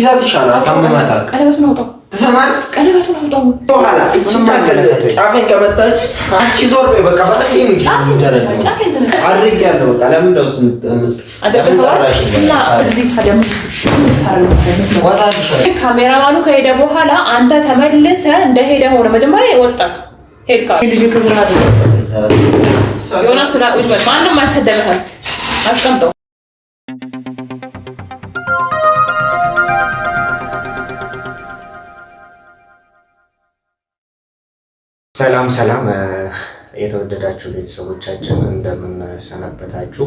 ቢይዛት ይሻላል። ታምማታል። ቀለበቱን አውጣው። ትሰማለህ? ቀለበቱን አውጣው። በኋላ እቺ ታከለ ጫፈን ከመጣች አንቺ ዞር በይ። በቃ በጥፊ እንጂ ያለ በቃ ለምን ደውስ ካሜራማኑ ከሄደ በኋላ አንተ ተመልሰ እንደሄደ ሆነ። መጀመሪያ ይወጣ ሄድካ ልጅ ክብራ ዮናስ ስራ ማንም አልሰደበህም። አስቀምጠው ሰላም ሰላም የተወደዳችሁ ቤተሰቦቻችን እንደምን ሰነበታችሁ?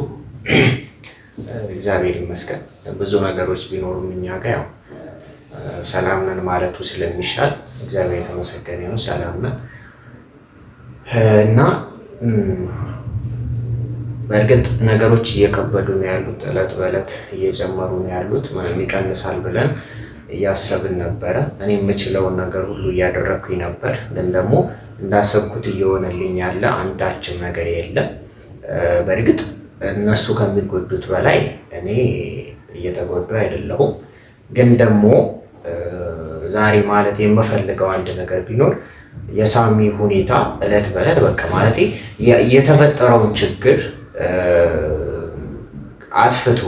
እግዚአብሔር ይመስገን። ብዙ ነገሮች ቢኖሩም እኛ ጋ ያው ሰላም ነን ማለቱ ስለሚሻል እግዚአብሔር የተመሰገነ ነው። ሰላም ነን እና በእርግጥ ነገሮች እየከበዱ ነው ያሉት፣ እለት በእለት እየጨመሩ ነው ያሉት። ይቀንሳል ብለን እያሰብን ነበረ። እኔ የምችለውን ነገር ሁሉ እያደረግኩኝ ነበር፣ ግን ደግሞ እንዳሰብኩት እየሆነልኝ ያለ አንዳችም ነገር የለም። በእርግጥ እነሱ ከሚጎዱት በላይ እኔ እየተጎዱ አይደለሁም። ግን ደግሞ ዛሬ ማለት የምፈልገው አንድ ነገር ቢኖር የሳሚ ሁኔታ እለት በእለት በቃ ማለት የተፈጠረውን ችግር አትፍቶ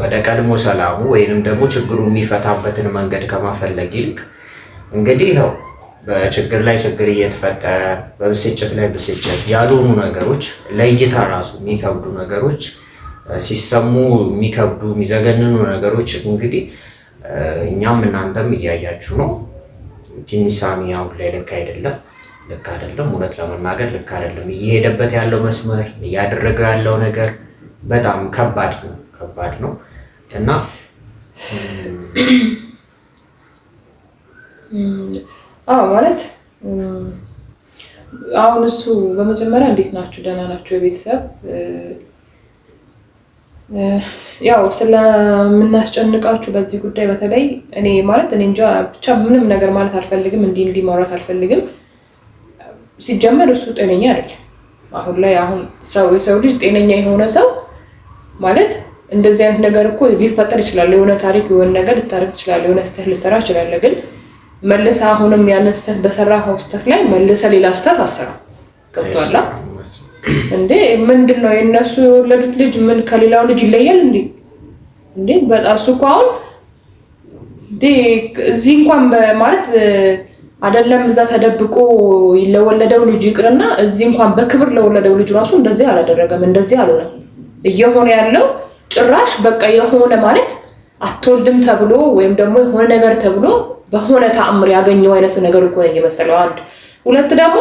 ወደ ቀድሞ ሰላሙ ወይንም ደግሞ ችግሩ የሚፈታበትን መንገድ ከማፈለግ ይልቅ እንግዲህ ይኸው በችግር ላይ ችግር እየተፈጠረ በብስጭት ላይ ብስጭት ያልሆኑ ነገሮች ለእይታ ራሱ የሚከብዱ ነገሮች ሲሰሙ የሚከብዱ የሚዘገንኑ ነገሮች እንግዲህ እኛም እናንተም እያያችሁ ነው። ቲኒሳሚ አሁን ላይ ልክ አይደለም፣ ልክ አይደለም፣ እውነት ለመናገር ልክ አይደለም። እየሄደበት ያለው መስመር እያደረገው ያለው ነገር በጣም ከባድ ነው፣ ከባድ ነው እና አዎ ማለት አሁን እሱ በመጀመሪያ እንዴት ናችሁ? ደህና ናችሁ? የቤተሰብ ያው ስለምናስጨንቃችሁ በዚህ ጉዳይ በተለይ እኔ ማለት እኔ እንጃ ብቻ ምንም ነገር ማለት አልፈልግም፣ እንዲህ እንዲህ ማውራት አልፈልግም። ሲጀመር እሱ ጤነኛ አይደለም። አሁን ላይ አሁን ሰው የሰው ልጅ ጤነኛ የሆነ ሰው ማለት እንደዚህ አይነት ነገር እኮ ሊፈጠር ይችላል። የሆነ ታሪክ የሆነ ነገር ልታረግ ትችላለህ፣ የሆነ ስተህ ልሰራ ይችላለ ግን መልሰ አሁንም ያንን ስተት በሰራ ስተት ላይ መልሰ ሌላ ስተት አሰራ። ገብቷላ እንዴ? ምንድን ነው የእነሱ የወለዱት ልጅ ምን ከሌላው ልጅ ይለያል እንዴ? እንዴ በጣም እሱ እኮ አሁን እዚህ እንኳን ማለት አይደለም እዛ ተደብቆ ለወለደው ልጅ ይቅርና እዚህ እንኳን በክብር ለወለደው ልጅ ራሱ እንደዚህ አላደረገም፣ እንደዚህ አልሆነም። እየሆነ ያለው ጭራሽ በቃ የሆነ ማለት አትወልድም ተብሎ ወይም ደግሞ የሆነ ነገር ተብሎ በሆነ ተአምር ያገኘው አይነት ነገር እኮ ነው የመሰለው። አንድ ሁለት ደግሞ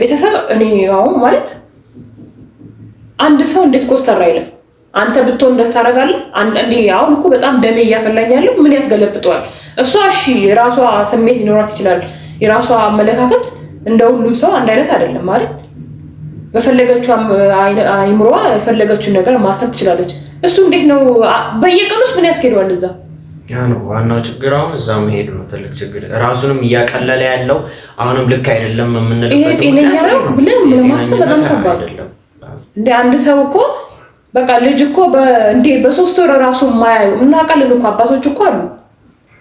ቤተሰብ እኔ አሁን ማለት አንድ ሰው እንዴት ኮስተር አይልም? አንተ ብትሆን ደስ ታደርጋለህ። እንዴ አሁን እኮ በጣም ደሜ እያፈላኛለሁ። ምን ያስገለፍጠዋል? እሷ እሺ የራሷ ስሜት ሊኖራት ይችላል። የራሷ አመለካከት እንደ ሁሉም ሰው አንድ አይነት አይደለም አይደል? በፈለገችው አይምሯ የፈለገችውን ነገር ማሰብ ትችላለች። እሱ እንዴት ነው በየቀኑስ ምን ያስኬደዋል እዛ ያ ነው ዋናው ችግር። አሁን እዛ መሄድ ነው ትልቅ ችግር፣ ራሱንም እያቀለለ ያለው አሁንም ልክ አይደለም የምንልበት እንደ አንድ ሰው እኮ በቃ ልጅ እኮ እንዴ በሶስት ወር ራሱ ማያዩ እናቀልል እኮ አባቶች እኮ አሉ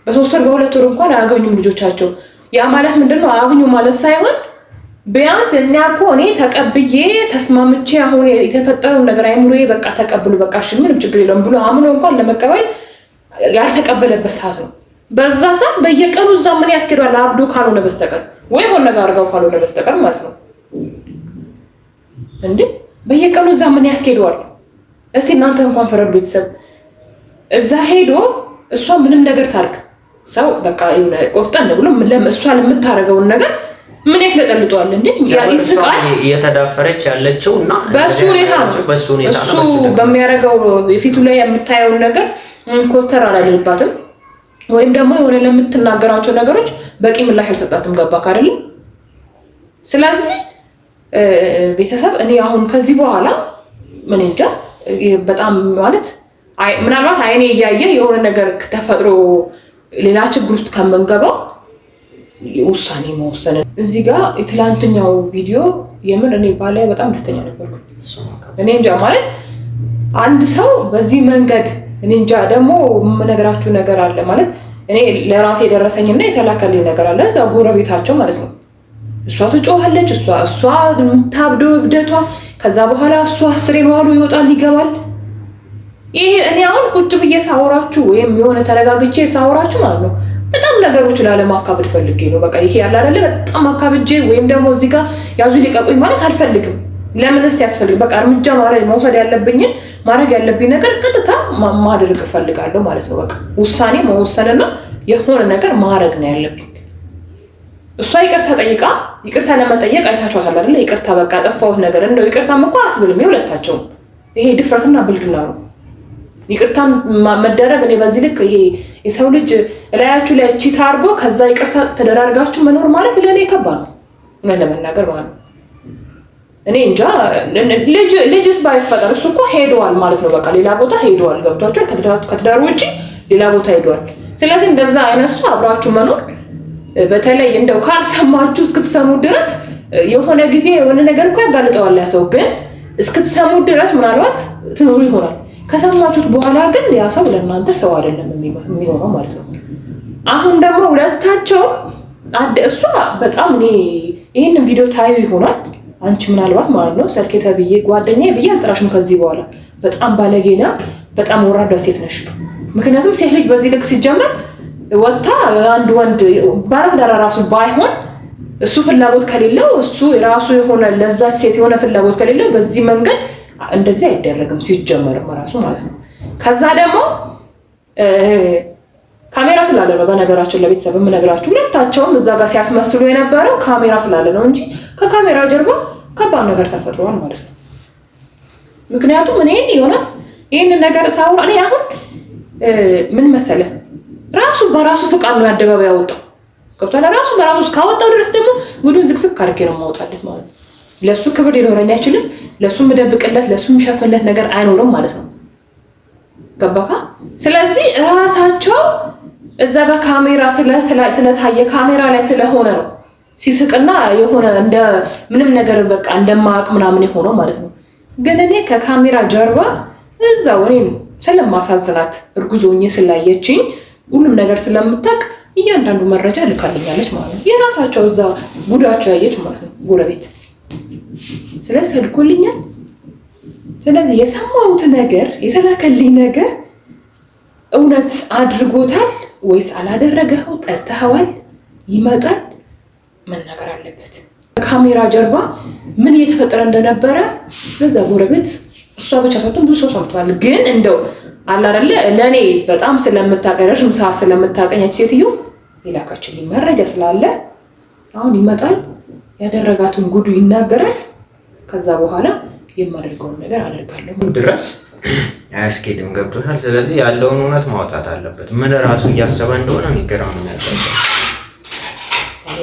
በሶስት ወር በሁለት ወር እንኳን አያገኙም ልጆቻቸው። ያ ማለት ምንድን ነው አያገኙ ማለት ሳይሆን ቢያንስ እኛ እኮ እኔ ተቀብዬ ተስማምቼ አሁን የተፈጠረውን ነገር አይምሮዬ በቃ ተቀብሉ በቃ እሺ ምንም ችግር የለውም ብሎ አምኖ እንኳን ለመቀበል ያልተቀበለበት ሰዓት ነው። በዛ ሰዓት በየቀኑ እዛ ምን ያስኬደዋል? አብዶ ካልሆነ በስተቀር ወይም ሆነ ነገር አድርጋው ካልሆነ በስተቀር ማለት ነው። እንዴ በየቀኑ እዛ ምን ያስኬደዋል? እስቲ እናንተ እንኳን ፈረዱ ቤተሰብ እዛ ሄዶ እሷ ምንም ነገር ታርግ ሰው በቃ የሆነ ቆፍጠን ብሎ እሷ ለምታደርገውን ነገር ምን ያስለጠልጠዋል? እንዴ ይስቃል። እየተዳፈረች ያለችው እና በሱ ሁኔታ ነው። እሱ በሚያደርገው የፊቱ ላይ የምታየውን ነገር ኮስተር አላልባትም ወይም ደግሞ የሆነ ለምትናገራቸው ነገሮች በቂ ምላሽ አልሰጣትም። ገባክ አይደለም? ስለዚህ ቤተሰብ እኔ አሁን ከዚህ በኋላ ምን እንጃ በጣም ማለት ምናልባት አይኔ እያየ የሆነ ነገር ተፈጥሮ ሌላ ችግር ውስጥ ከምንገባ ውሳኔ መወሰን እዚህ ጋር የትላንትኛው ቪዲዮ የምር እኔ ባላይ በጣም ደስተኛ ነበርኩ። እኔ እንጃ ማለት አንድ ሰው በዚህ መንገድ እኔ እንጃ ደግሞ የምነግራችሁ ነገር አለ ማለት እኔ ለራሴ የደረሰኝና የተላከልኝ ነገር አለ። እዛ ጎረቤታቸው ማለት ነው። እሷ ትጮኋለች፣ እሷ እሷ የምታብደው እብደቷ። ከዛ በኋላ እሷ አስሬን ዋሉ ይወጣል ይገባል። ይህ እኔ አሁን ቁጭ ብዬ ሳውራችሁ ወይም የሆነ ተረጋግቼ ሳውራችሁ ማለት ነው በጣም ነገሮች ላለማካብድ ፈልጌ ነው። በቃ ይሄ ያለ አይደለ በጣም አካብጄ ወይም ደግሞ እዚህ ጋር ያዙ ሊቀቁኝ ማለት አልፈልግም። ለምንስ ያስፈልግ? በቃ እርምጃ ማድረግ መውሰድ ያለብኝን ማድረግ ያለብኝ ነገር ቀጥታ ማድረግ እፈልጋለሁ ማለት ነው። በቃ ውሳኔ መወሰንና የሆነ ነገር ማድረግ ነው ያለብኝ። እሷ ይቅርታ ጠይቃ ይቅርታ ለመጠየቅ አይታችኋታል አይደለ? ይቅርታ በቃ ጠፋሁት ነገር እንደው ይቅርታም እኮ አስብልም የሁለታቸውም። ይሄ ድፍረትና ብልግና ነው። ይቅርታ መደረግ እኔ በዚህ ልክ ይሄ የሰው ልጅ ላያችሁ ላይ ቺታ አድርጎ ከዛ ይቅርታ ተደራርጋችሁ መኖር ማለት ለእኔ ከባድ ነው ለመናገር ማለት ነው። እኔ እንጃ ልጅስ ባይፈጠር እሱ እኮ ሄደዋል ማለት ነው። በቃ ሌላ ቦታ ሄደዋል። ገብቷቸው ከትዳር ውጭ ሌላ ቦታ ሄደዋል። ስለዚህ እንደዛ አይነሱ አብራችሁ መኖር በተለይ እንደው ካልሰማችሁ እስክትሰሙ ድረስ የሆነ ጊዜ የሆነ ነገር እኮ ያጋልጠዋል ያ ሰው፣ ግን እስክትሰሙ ድረስ ምናልባት ትኑሩ ይሆናል። ከሰማችሁት በኋላ ግን ያ ሰው ለእናንተ ሰው አይደለም የሚሆነው ማለት ነው። አሁን ደግሞ ሁለታቸው እሷ በጣም እኔ ይህንን ቪዲዮ ታዩ ይሆናል አንቺ ምናልባት ማለት ነው ሰርኬተ ተብዬ ጓደኛ ብዬ አልጥራሽም ከዚህ በኋላ በጣም ባለጌና በጣም ወራዳ ሴት ነሽ። ምክንያቱም ሴት ልጅ በዚህ ልክ ሲጀመር ወጥታ አንድ ወንድ ባረት ዳራ ራሱ ባይሆን እሱ ፍላጎት ከሌለው እሱ ራሱ የሆነ ለዛች ሴት የሆነ ፍላጎት ከሌለው በዚህ መንገድ እንደዚህ አይደረግም ሲጀመርም ራሱ ማለት ነው። ከዛ ደግሞ ካሜራ ስላለ ነው። በነገራችን ለቤተሰብ የምነግራችሁ ሁለታቸውም እዛ ጋር ሲያስመስሉ የነበረው ካሜራ ስላለ ነው እንጂ ከካሜራ ጀርባ ከባድ ነገር ተፈጥሯል ማለት ነው። ምክንያቱም እኔ ዮናስ ይህንን ነገር ሳውራ እኔ አሁን ምን መሰለ ራሱ በራሱ ፍቃድ ነው አደባባይ ያወጣው። ገብቷል። ራሱ በራሱ እስካወጣው ድረስ ደግሞ ጉዱን ዝቅዝቅ አድርጌ ነው ማወጣለት ማለት ነው። ለእሱ ክብር ሊኖረኝ አይችልም። ለእሱ ምደብቅለት፣ ለእሱ የምሸፍንለት ነገር አይኖርም ማለት ነው። ገባካ? ስለዚህ ራሳቸው እዛ ጋር ካሜራ ስለታየ ካሜራ ላይ ስለሆነ ነው ሲስቅና የሆነ እንደ ምንም ነገር በቃ እንደማቅ ምናምን የሆነው ማለት ነው። ግን እኔ ከካሜራ ጀርባ እዛው እኔም ስለማሳዝናት እርጉዞ ሆኜ ስላየችኝ ሁሉም ነገር ስለምታቅ እያንዳንዱ መረጃ ልካልኛለች ማለት ነው። የራሳቸው እዛ ጉዳቸው ያየች ማለት ነው ጎረቤት። ስለዚህ ልኮልኛል። ስለዚህ የሰማሁት ነገር የተላከልኝ ነገር እውነት አድርጎታል ወይስ አላደረገው ጠርተኸዋል? ይመጣል መናገር አለበት። ካሜራ ጀርባ ምን እየተፈጠረ እንደነበረ በዛ ጎረቤት እሷ ብቻ ሳትሆን ብዙ ሰው ሰምተዋል። ግን እንደው አላደለ ለእኔ በጣም ስለምታቀኝ ረዥም ሰዓት ስለምታቀኛች ሴትዮ የላካችልኝ መረጃ ስላለ አሁን ይመጣል፣ ያደረጋትን ጉዱ ይናገራል። ከዛ በኋላ የማደርገውን ነገር አደርጋለሁ ድረስ አያስኬድም። ገብቶናል። ስለዚህ ያለውን እውነት ማውጣት አለበት። ምን ራሱ እያሰበ እንደሆነ ሚገራ ነው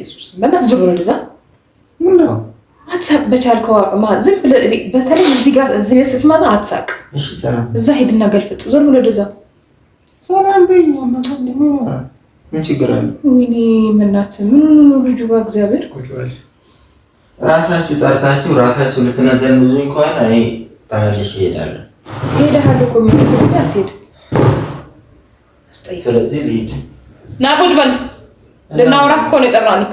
ኢየሱስ በእናትህ ጀምሮ ወደዛ አትሳቅ። በቻልከው ዝም ብለህ በተለይ እዚህ ጋር እዚህ ቤት ስትመጣ አትሳቅ። እዛ ሄድና ገልፍጥ። ዞር ብለህ ወደዛ ምን ችግር አለ? ወይኔ የምናትህ ምን ልጁ በእግዚአብሔር ራሳችሁ ጠርታችሁ ራሳችሁ ልትነዘንዙኝ ከሆነ እኔ ተመልሼ እሄዳለሁ። ሄደሃል እኮ ምን ስለዚህ አትሄድ። ስለዚህ ልሂድ። ና ቁጭ በል ልናውራት እኮ ነው የጠራን።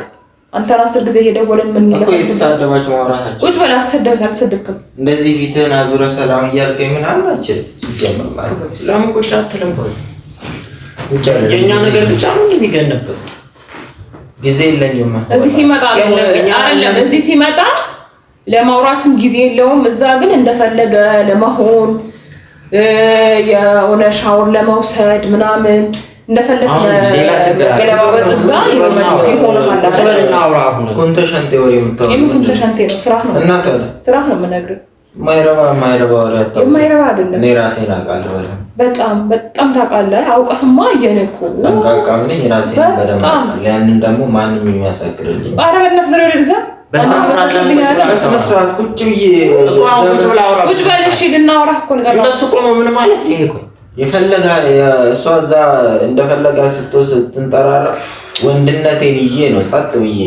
አንተን አስር ጊዜ እየደወለን ምን ይላል እኮ የተሳደባችሁ ማውራታችሁ ቁጭ በል። አልተሰደብክ አልተሰደብክም። እንደዚህ ፊትህን አዙረ ሰላም እያልከኝ ምን አላችል ሲጀምር ማለት ቁጭ አትልም? ቁጭ የኛ ነገር ብቻ ነው የሚገነበት ጊዜ የለኝም። እዚህ ሲመጣ አይደለም እዚህ ሲመጣ ለማውራትም ጊዜ የለውም። እዛ ግን እንደፈለገ ለመሆን የሆነ ሻወር ለመውሰድ ምናምን እንደፈለግ ገለባበጥ እዛ ኮንተሸንቴ ወሬ ኮንተሸንቴ ነው። ስራ በጣም በጣም ታውቃለህ። አውቀህማ እየነኩ ጠንቃቃ ነኝ። ራሴን በደምብ ያንን ደግሞ ማንም የሚያሳክርልኝ ኧረ በእናትህ ዞር ወደ እዛ ቁጭ ብዬ ቁጭ በል ልናወራህ እኮ ነው። እነሱ ቆመው ምን ማለት ነው? የፈለጋ እሷ እዛ እንደፈለጋ ስቶ ስትንጠራራ ወንድነቴን ይዤ ነው ጸጥ ብዬ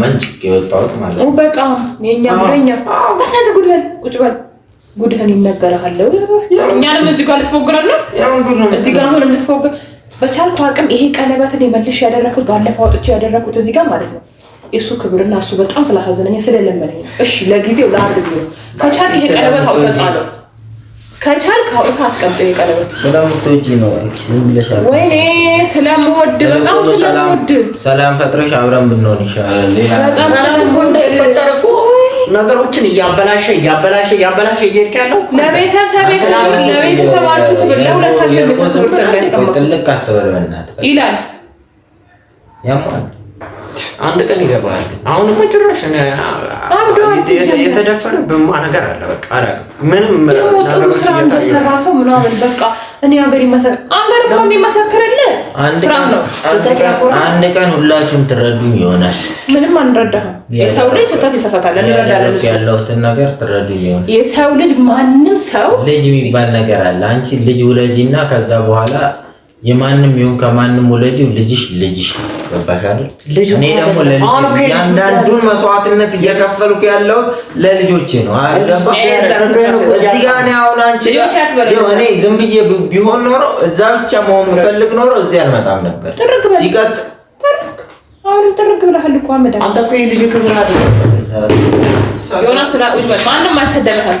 መንጭ የወጣሁት ማለት ነው። በጣም የኛ ጉደኛ በእናትህ ጉድህን ቁጭ በል ጉድህን ይነገርሃል። እኛንም እዚህ ጋር ልትፎግራል ነው እዚህ ጋር አሁንም ልትፎግር በቻልኩ አቅም ይሄ ቀለበትን የመልሽ ያደረኩት ባለፈው አውጥቼ ያደረኩት እዚህ ጋር ማለት ነው የእሱ ክብርና እሱ በጣም ስላሳዘነኛ ስለለመነኝ፣ እሺ ለጊዜው ለአንድ ቢሮ ከቻልክ ይሄ ቀለበት አውጥተጣለሁ ከቻልክ አውጥታ አስቀብኝ። የቀለበት ስለምትወጂ ነው ዝም ብለሽ ወይኔ፣ ስለምወድ በጣም ስለምወድ ሰላም ፈጥረሽ አብረን ብንሆን ይሻላል። ነገሮችን እያበላሸ እያበላሸ እያበላሸ እየሄድክ ያለው ለቤተሰብ ለቤተሰባችሁ ክብር ለሁለታችን ቤተሰብ ስር ያስቀምጥ ይላል ያሟል አንድ ቀን ይገባል። አሁን ጭራሽ የተደፈረብማ ነገር አለ። በቃ ምንም ደግሞ ጥሩ ስራ እንደሰራ ሰው ምናምን በቃ እኔ ሀገር ይመሰል አንገር እኮ የሚመሰክርልህ ስራ ነው። አንድ ቀን ሁላችሁም ትረዱኝ ይሆናል። ምንም አንረዳህም። የሰው ልጅ ስህተት ይሳሳታል። እንረዳለን። ያለሁትን ነገር ትረዱኝ ይሆናል። የሰው ልጅ ማንም ሰው ልጅ የሚባል ነገር አለ። አንቺ ልጅ ውለጂና ከዛ በኋላ የማንም ይሁን ከማንም ወለጂው ልጅሽ ልጅሽ ገባሽ አይደል? እኔ ደግሞ ያንዳንዱን መስዋዕትነት እየከፈልኩ ያለው ለልጆቼ ነው። እዚህ ጋር እኔ አሁን አንቺ እኔ ዝም ብዬ ቢሆን ኖሮ እዛ ብቻ መሆን ምፈልግ ኖሮ እዚህ አልመጣም ነበር። ሲቀጥ አሁንም ጥርግ ብለሃል እኮ አመዳ አንተ እኮ የልጅ ክብር አለ ዮናስ ማንም አልሰደበሃል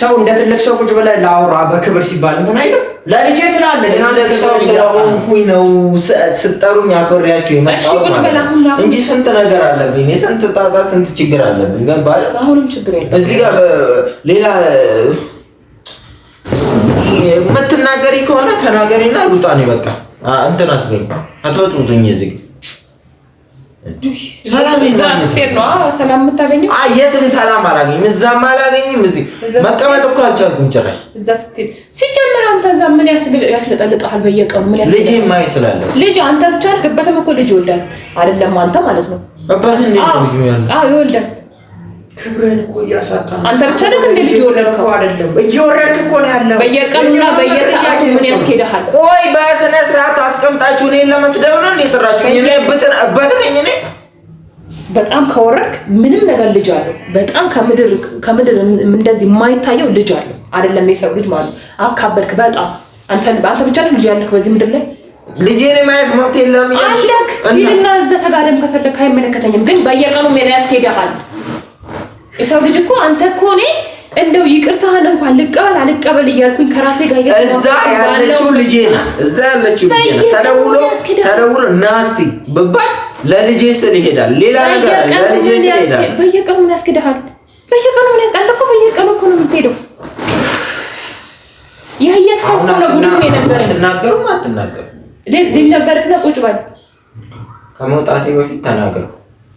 ሰው እንደ ትልቅ ሰው ቁጭ ብለህ ላውራ በክብር ሲባል እንትን አይደል? ለልጄ ትላለህ። ትልቅ ሰው ስለሆንኩኝ ነው ስጠሩኝ አክብሬያችሁ የመጣሁት እንጂ ስንት ነገር አለብኝ፣ ስንት ጣጣ፣ ስንት ችግር አለብኝ። ገባል። አሁንም ችግር የለም። እዚህ ጋር ሌላ የምትናገሪ ከሆነ ተናገሪና ሩጣን ይበቃ። እንትን አትበይም፣ አትወጥሩትኝ እዚህ ሰላም የምታገኘው የትም ሰላም አላገኝም። እዛም አላገኝም። እዚህ መቀመጥ እኮ አልቻልኩም ጭራሽ። እዛ ስትሄድ ሲጀመር አንተ እዛ ምን ያስለጠልጥሃል? በየቀኑ ምን ልጅ ማይ ስላለ ልጅ አንተ ብቻ አልገባትም እኮ ልጅ ይወልዳል አይደለም አንተ ማለት ነው። አባት ይወልዳል? ክብረን እኮ እያሳጣ አንተ ብቻ ነህ እንደ ልጅ የወረድከው አይደለም። እየወረድክ እኮ ነው ያለው በየቀኑና በየሰዓቱ ምን ያስኬድሃል? ቆይ በስነ ስርዓት አስቀምጣችሁ እኔን ለመስደብ ነው እንዴ የጠራችሁኝ? እኔ ብትን እበትነኝ እኔ በጣም ከወረድክ ምንም ነገር ልጅ አለው። በጣም ከምድር ከምድር እንደዚህ የማይታየው ልጅ አለው አይደለም የሰው ልጅ ማለት አካበድክ። በጣም አንተ አንተ ብቻ ነህ ልጅ ያለህ በዚህ ምድር ላይ ልጄን ማየት መብት የለም። ይልና እዛ ተጋደም ከፈለግህ አይመለከተኝም፣ ግን በየቀኑ ምን ያስኬድሃል? የሰው ልጅ እኮ አንተ እኮ እኔ እንደው ይቅርታህን እንኳን ልቀበል አልቀበል እያልኩኝ ከራሴ ጋር እዛ ያለችው ልጄ ናት። እዛ ያለችው ልጄ ናት። ተደውሎ ተደውሎ ናስቲ ብባል ለልጄ ስል ይሄዳል። ሌላ ነገር አለ። ለልጄ ስል ይሄዳል። በየቀኑ ምን ያስኬድሃል? በየቀኑ ምን ያስኬድሃል? ተቆም በየቀኑ እኮ ነው የምትሄደው። ያየክ ሰው እኮ ነው ቡድን የነበረ አትናገርም። አትናገርም ሊናገርክና ቁጭ በል ከመውጣቴ በፊት ተናገርኩ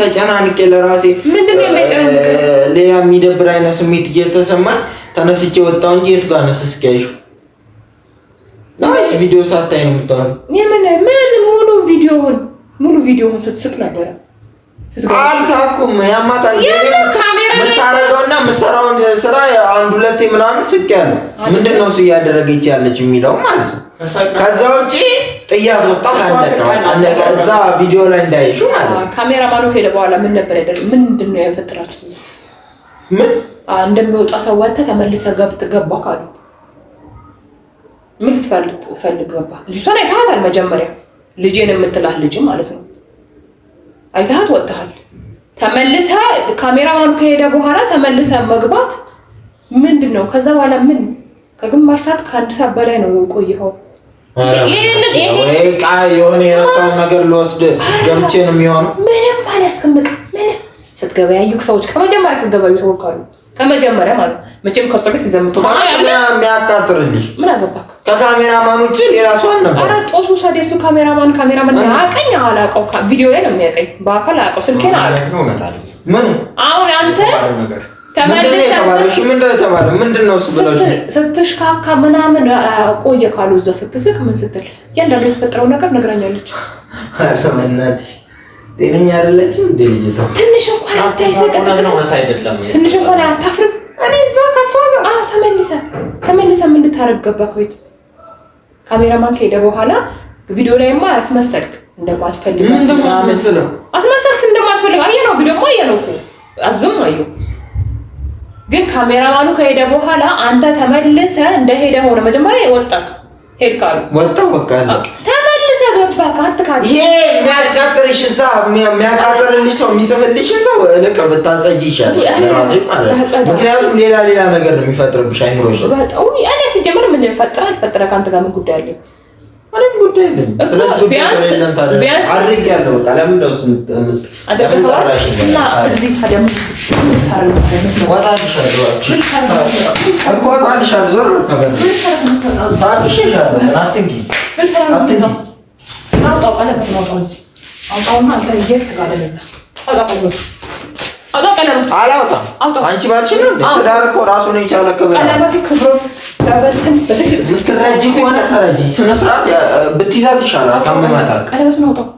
ተጨናንቄ ለራሴ ሌላ የሚደብር አይነት ስሜት እየተሰማኝ ተነስቼ ወጣሁ እንጂ የቱ ጋር ነስ እስኪያይሹ ናይስ ቪዲዮ ሳታይ ነው የምታወራው። የምን ምን ሙሉ ቪዲዮውን ሙሉ ቪዲዮውን ስትስጥ ነበረ። አልሳኩም። ያማታል የምታረገውና የምትሰራውን ስራ አንድ ሁለቴ ምናምን ስቅ ያለው ምንድን ነው እሱ እያደረገች ያለች የሚለው ማለት ነው። ከዛ ውጭ ጥያት ወጣ እዛ ቪዲዮ ላይ እንዳይሹ ማለት ነው። ካሜራ ማኑ ከሄደ በኋላ ምን ነበር ያደረ? ምንድን ነው የፈጠራችሁት? እዛ ምን እንደሚወጣ ሰው ወጥተህ ተመልሰህ ገብት ገባ ካሉ ምን ልትፈልግ ፈልግ ገባ። ልጅቷን አይተሃታል? መጀመሪያ ልጄን የምትላት ልጅ ማለት ነው አይተሃት ወጥተሃል። ተመልሰህ ካሜራ ማኑ ከሄደ በኋላ ተመልሰህ መግባት ምንድን ነው? ከዛ በኋላ ምን ከግማሽ ሰዓት ከአንድ ሰዓት በላይ ነው የቆየኸው። የሆነ የረሳውን ነገር ልወስድ ገብቼ ነው የሚሆነው። ምንም አላስቀምቅም። ምንም ስትገበያዩ ሰዎች ከመጀመሪያ ስትገበያዩ ሰዎች አሉ። ከመጀመሪያ ማለት መቼም ከእሷ ቤት ይዘምቶ የሚያቃጥርልሽ ምን አገባ? ከካሜራማን ውጭ ሌላ ሰው አልነበረ። ኧረ ጦሱ ሰደሱ ካሜራማን ካሜራማን አያውቀኝ፣ አላውቀው። ቪዲዮ ላይ ነው የሚያውቀኝ፣ በአካል አያውቀው። ስልኬን አያውቀው። ምን አሁን አንተ ስትሽካካ ምናምን ቆየ ካሉ እዛ ስትስቅ ምን ስትል እያንዳንዱ የተፈጠረው ነገር ነግራኛለች። ጤነኛ አይደለችም እንደ ልጅቷ ትንሽ እንኳን አይደለም ትንሽ እንኳን አታፍርም። እኔ እዛ ከሷ ጋር ምን ልታረግ ገባክ? ካሜራማን ከሄደ በኋላ ቪዲዮ ላይማ አስመሰልክ እንደማትፈልግ አስመሰልክ እንደማትፈልግ አየህ ቪዲዮማ እኮ አዝብም አየሁ ግን ካሜራማኑ ከሄደ በኋላ አንተ ተመልሰ እንደሄደ ሆነ። መጀመሪያ ወጣ ሄድካሉ አሉ ወጣ በቃ ተመልሰ ገባ ካት ካት ይሄ የሚያቃጥልሽ እዛ የሚያቃጥልልሽ ሰው የሚጽፍልሽ ሰው ልክ ብታጸጂ ይሻላል ለራስሽ ማለት ምክንያቱም ሌላ ሌላ ነገር ነው የሚፈጥርብሽ አይምሮሽ። በጣም እኔ ሲጀምር ምን ፈጥራ አልፈጥራ ከአንተ ጋር ምን ጉዳይ አለኝ? ምንም ጉዳይ የለኝም። ስለዚህ ጉዳይ ለእናንተ አድርጌያለሁ። በቃ ለምን ደውስ ምትጠራሽ እና እዚህ ታዲያ አላውጣም። አንቺ ባልሽን ትዳር እኮ ራሱን የቻለ ብትረጂ ከሆነ ስነ ስርዓት ብትይዛት ይሻላል።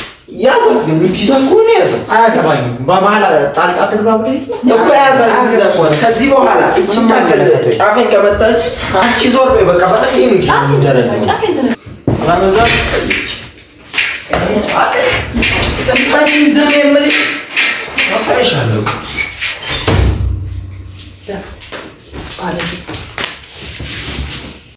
ያዛት ግን ፒዛ እኮ ያዛት። አያገባኝም። በመሀል ጣልቃ ትግባ እኮ ያዛት ከዚህ በኋላ እቺ ታከለ ጫፌን ከመጣች አንቺ ዞር በይ በቃ። በጣም ይሄን እንጂ ዝም የምልሽ አሳይሻለሁ።